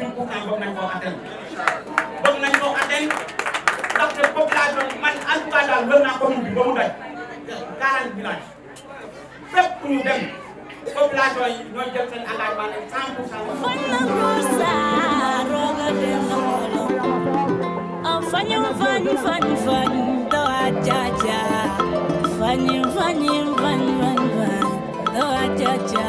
ñun pourtant bëgg nañ koo atteindre bëgg nañ koo atteindre ndaxte population bi man en tout cas daal wër naa commune bi ba mu daj 40 villages fépp ku ñu dem population yi ñooy jël seen engagement ne 100 pour cent fani fani fani fani doa jaja fani fani fani fani doa jaja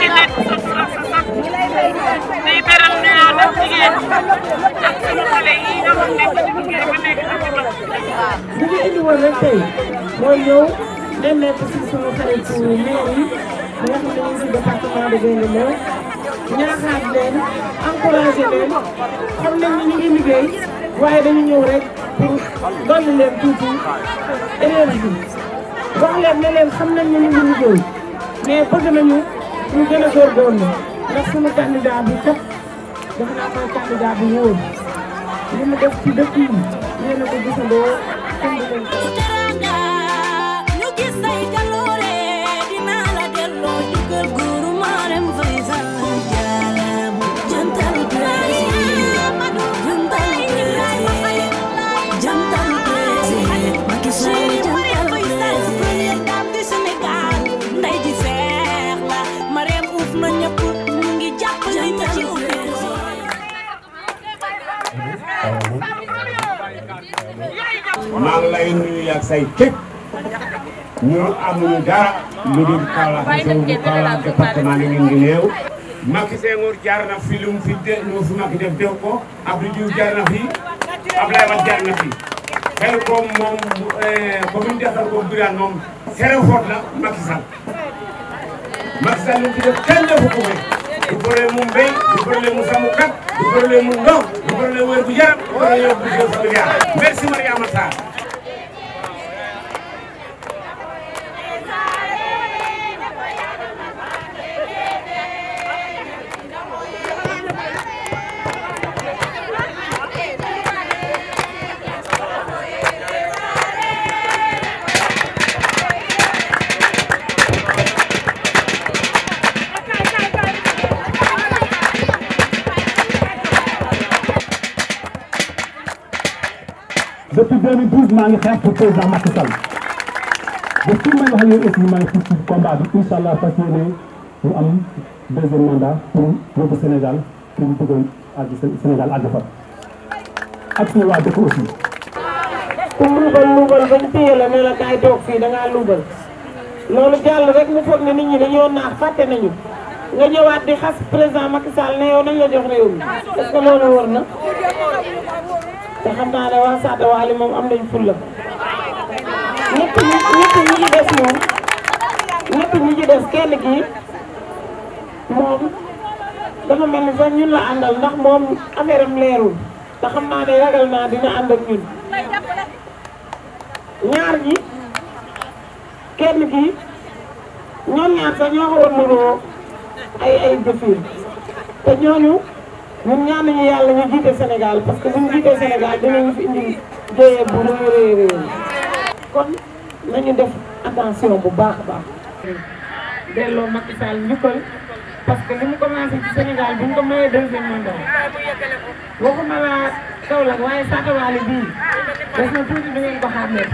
jigéen ak suñu xale yi nga xam ne ba nekk na ko mag. li ñu indi woon rek tey mooy ñëw nemmeek si suñu xaritu maire yi nga xam ne ñu si département de Gaïndé Mékhé ñaaxaat leen encouragé leen xam nañ ni ñu ngi liggéey waaye dañu ñëw rek pour dolli leen tuuti énergie wax leen leen xam nañ ñu ngi liggéey mais bëgg nañu ñu gën a góorgóorlu ndax suñu candidat bi kat. dafa naa koy candidat bu wóor li mu def ci dëkk yi yéen a ko gisandoo kenn maa ngi lay nuyu ak say képp ñu amuñu dara lu dul Kaolack zone Kaolack département li ngeen di néew. Macky Senghor jaar na fi fi de lu fi Macky def def ko Abdou Diouf jaar na fi Abdoulaye Wade jaar na fi xel koom moom eh, ba mu defal ko Birane moom xel fort la Macky Sall Macky Sall fi def kenn defu ko du problème mu mbéy du problème mu sàmmkat du problème mu ndox du problème wér gu yaram du problème bu jëm familial merci Mariama Sarr depuis 2012 maa ngi xeex pour président Macky Sall ba fi may wax ak yéen aussi maa ngi fii ci bi incha allah fas yéene ñu am deuxième Sénégal fi mu bëggoon àgg Sénégal àgg fa ak suñu luubal luubal ba mu téye la ne la kaay fii da luubal loolu jàll rek mu foog ne nit ñi dañoo naax fàtte nañu nga ñëwaat di xas président Macky Sall ne yow nañ la jox réew mi est-ce loolu war na. te xam naa ne waa Sada Wali moom am nañ fulla ñett ñi ñett ñi des moom ñett ñu ci des kenn gi moom dafa mel ni sax ñun la àndal ndax moom affaire am leerul te xam naa ne ragal naa dina ànd ak ñun ñaar ñi kenn gi ñoom ñaar sax ñoo ko war ay ay jëfin te ñooñu ñun ñaan nañu yàlla ñu jiite Sénégal parce que bu ñu jiitee Sénégal dinañu fi indi jéyee bu réy réy kon nañu def attention bu baax a baax. delloo Macky Sall njukkal parce que li mu commencé ci Sénégal bu ñu ko mayee deuxième mandat waxuma la Kaolack waaye Sakawaale bii des na tuuti du ngeen ko xàmmee.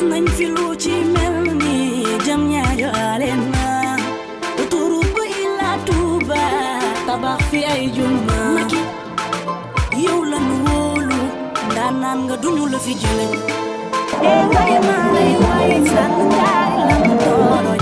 gis nañ fi lu ci mel ni jam ñaajo aleen na turu ko ila Tuuba tabax fi ay juma Macky yow lan wóolu ndaa naan nga duñu la fi jële e eh, way maa lay way sànn jaay lan tooro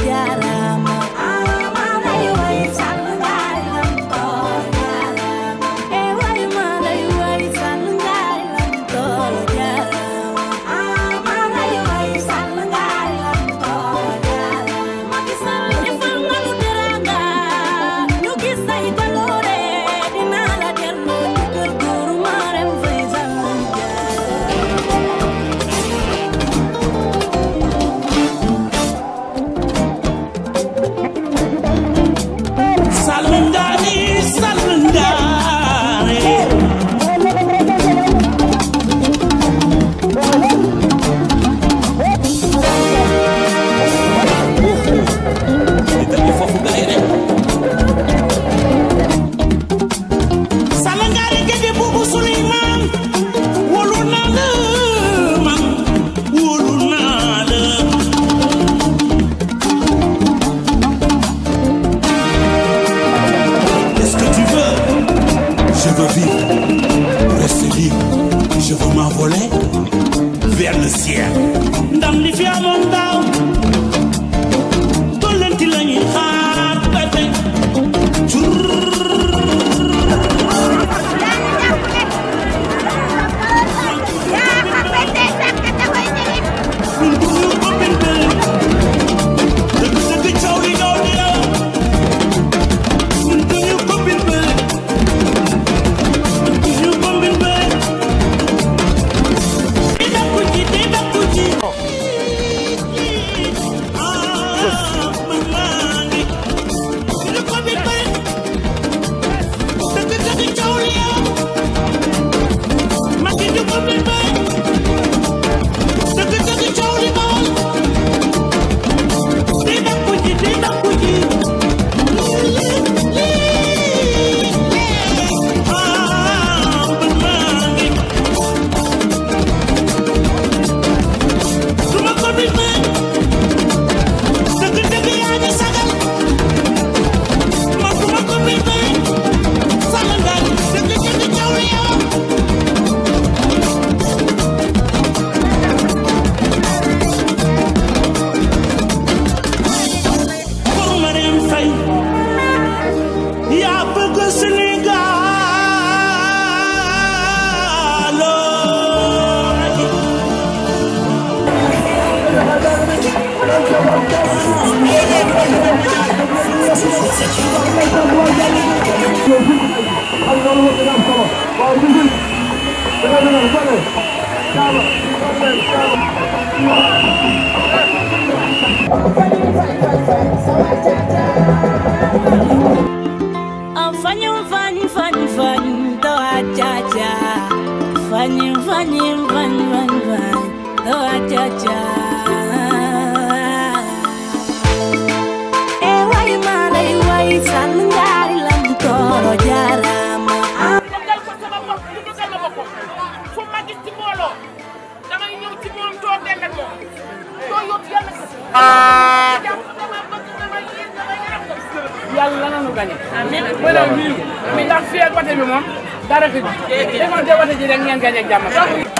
ndam li fi amoon daaw tollanti lañuy xaar pepe jur Vanya, vanya, vanya, vanya, vanya, oh, cha, cha. ah. yàlla na nu gañe. amiin amiin ndax fii ak wate bi moom dara fi demoon te wate ji rek ngeen gañe ak jàmm.